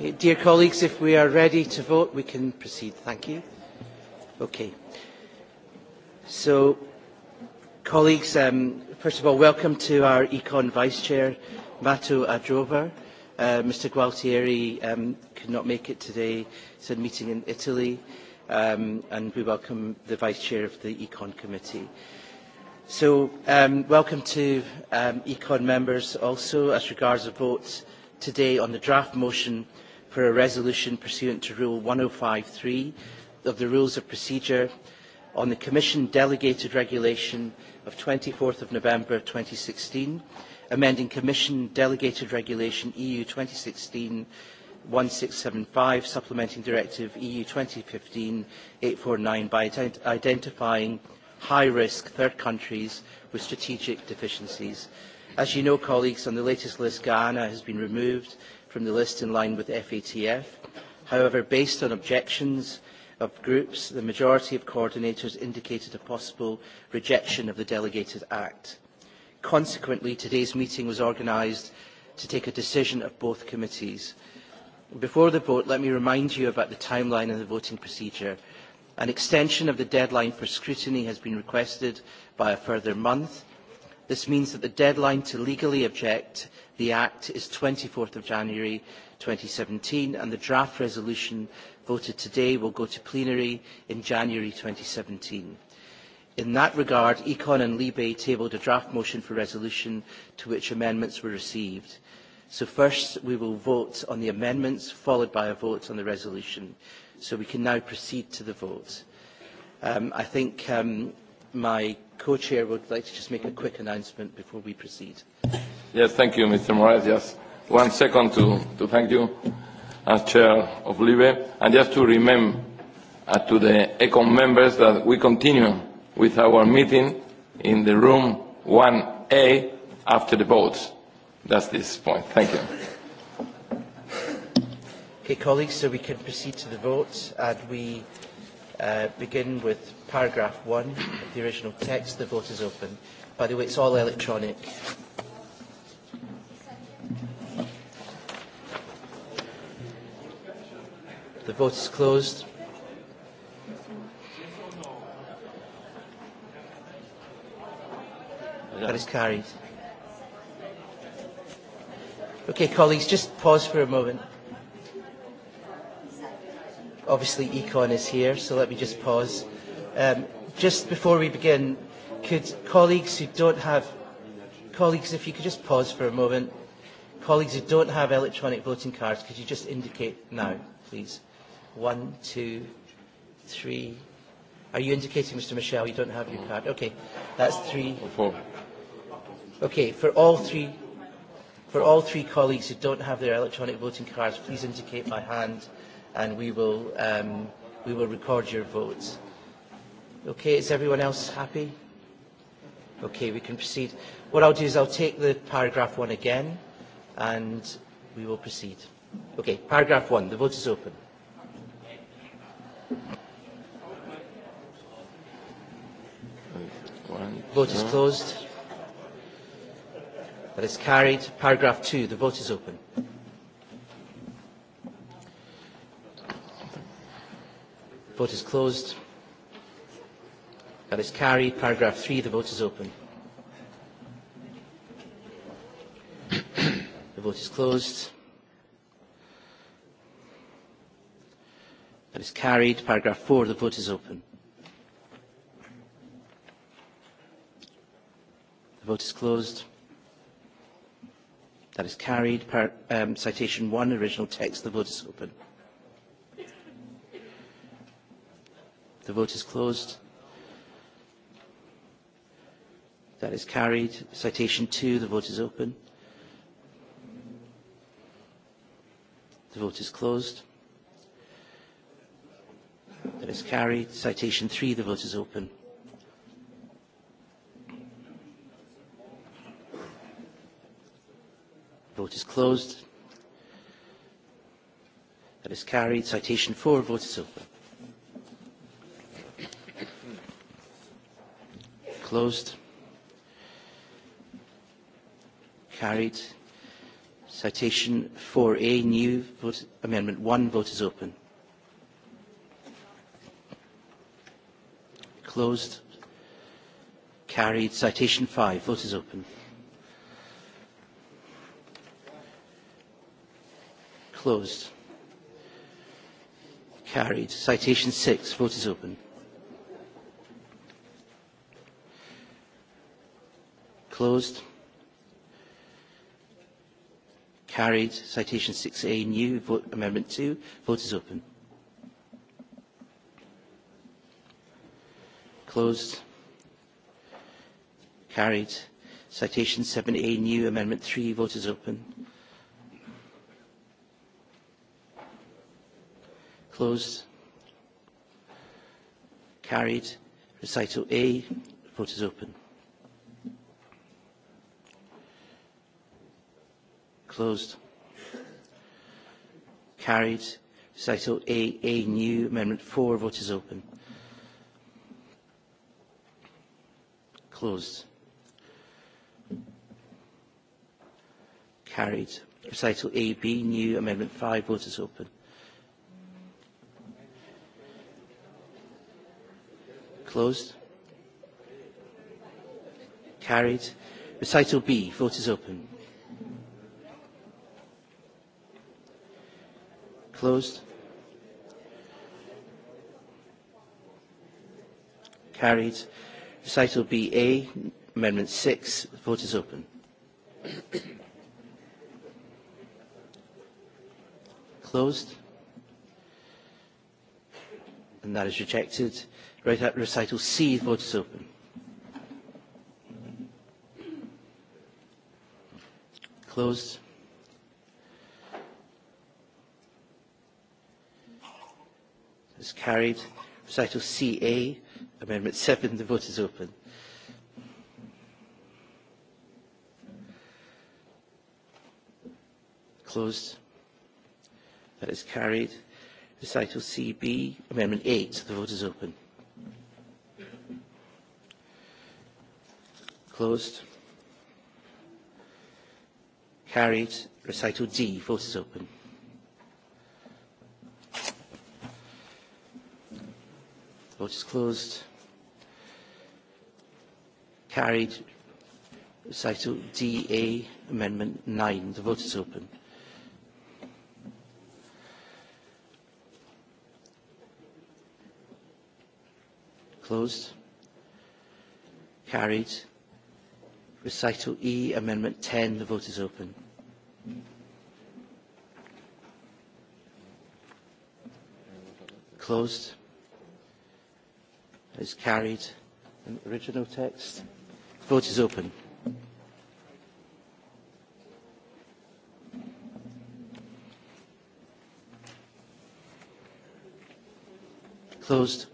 Eh, dear colleagues, if we are ready to vote, we can proceed. Thank you. Okay. So, colleagues, um, first of all, welcome to our Econ Vice Chair, Mato Adrover. Uh, Mr. Gualtieri um, could not make it today. He's at a meeting in Italy, um, and we welcome the Vice Chair of the Econ Committee. So, um, welcome to um, Econ members also as regards a vote today on the draft motion for a resolution pursuant to Rule 105.3 of the Rules of Procedure on the Commission Delegated Regulation of 24th of November 2016, amending Commission Delegated Regulation EU 2016 1675, supplementing Directive EU 2015-849 by ident identifying high-risk third countries with strategic deficiencies. As you know, colleagues, on the latest list, Guyana has been removed from the list in line with FATF. However, based on objections of groups, the majority of coordinators indicated a possible rejection of the delegated act. Consequently, today's meeting was organised to take a decision of both committees. Before the vote, let me remind you about the timeline and the voting procedure. An extension of the deadline for scrutiny has been requested by a further month, This means that the deadline to legally object the Act is 24th of January 2017 and the draft resolution voted today will go to plenary in January 2017. In that regard, Econ and Libe tabled a draft motion for resolution to which amendments were received. So first we will vote on the amendments followed by a vote on the resolution. So we can now proceed to the vote. Um, I think um, my co-chair would like to just make a quick announcement before we proceed. Yes, thank you, Mr. Moraes. Yes, one second to, to thank you as chair of LIBE and just to remember uh, to the ECOM members that we continue with our meeting in the room 1A after the votes. That's this point. Thank you. Okay, colleagues, so we can proceed to the vote. and we uh, begin with paragraph one of the original text. The vote is open. By the way, it's all electronic. The vote is closed. That is carried. Okay, colleagues, just pause for a moment. Obviously, Econ is here, so let me just pause. Um, just before we begin, could colleagues who don't have... Colleagues, if you could just pause for a moment. Colleagues who don't have electronic voting cards, could you just indicate now, please? One, two, three... Are you indicating, Mr Michel, you don't have your card? Okay, that's three... Four. Okay, for all three... For all three colleagues who don't have their electronic voting cards, please indicate by hand and we will, um, we will record your votes. Okay, is everyone else happy? Okay, we can proceed. What I'll do is I'll take the paragraph one again and we will proceed. Okay, paragraph one, the vote is open. Vote is closed. That is carried. Paragraph two, the vote is open. Vote is closed. That is carried. Paragraph 3, the vote is open. the vote is closed. That is carried. Paragraph 4, the vote is open. The vote is closed. That is carried. Par um, citation 1, original text, the vote is open. The vote is closed. That is carried. Citation two, the vote is open. The vote is closed. That is carried. Citation three, the vote is open. Vote is closed. That is carried. Citation four, vote is open. closed. Carried. Citation 4A, new vote, amendment 1, vote is open. Closed. Carried. Citation 5, vote is open. Closed. Carried. Citation 6, vote is open. Closed. Carried. Citation 6A, new. Vote, amendment 2. Vote is open. Closed. Carried. Citation 7A, new. Amendment 3. Vote is open. Closed. Carried. Recital A. Vote is open. Closed. Carried. Recital A, A new. Amendment 4. Vote is open. Closed. Carried. Recital A, B new. Amendment 5. Vote is open. Closed. Carried. Recital B. Vote is open. Closed. Carried. Recital BA, Amendment 6. The vote is open. Closed. And that is rejected. Right at recital C, the vote is open. Closed. carried. Recital CA, Amendment 7, the vote is open. Closed. That is carried. Recital CB, Amendment 8, the vote is open. Closed. Carried. Recital D, vote is open. Vote is closed. Carried. Recital DA, Amendment 9. The vote is open. Closed. Carried. Recital E, Amendment 10. The vote is open. Closed is carried. in the original text. The Vote is open. Closed.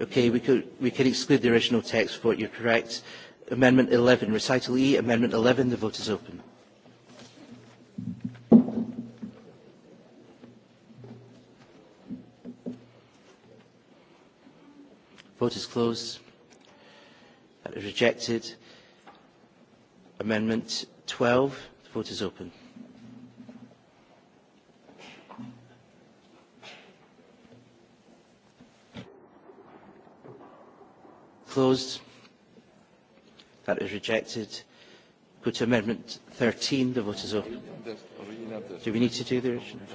Okay, we could we can exclude the original text, but you're correct. Amendment 11, recital E, amendment 11, the vote is open. Vote is closed. That is rejected. Amendment 12. The vote is open. Closed. That is rejected. Go to Amendment 13. The vote is open. Do we need to do the original?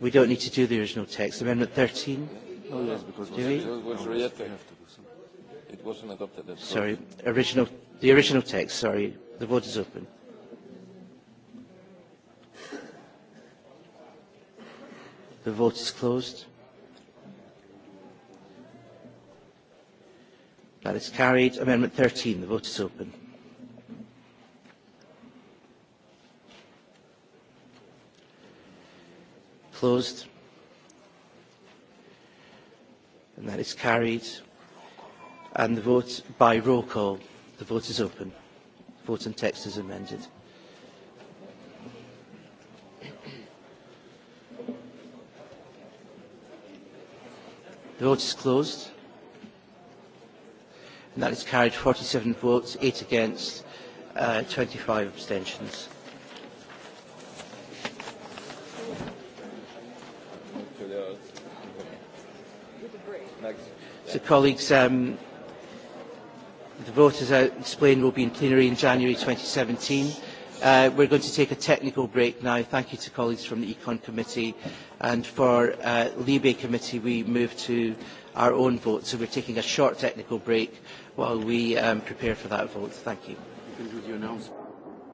We don't need to do the original text. Amendment 13 it wasn't adopted. sorry, original, the original text, sorry. The vote is open. The vote is closed. That is carried. Amendment 13, the vote is open. Closed. That is carried. And the vote by roll call. The vote is open. The vote and text is amended. The vote is closed. And that is carried 47 votes, 8 against, uh, 25 abstentions. Colleagues, um, the vote, as I explained, will be in plenary in January 2017. Uh, we're going to take a technical break now. Thank you to colleagues from the Econ Committee. And for uh, Libe Committee, we move to our own vote. So we're taking a short technical break while we um, prepare for that vote. Thank you. You can do the announcement.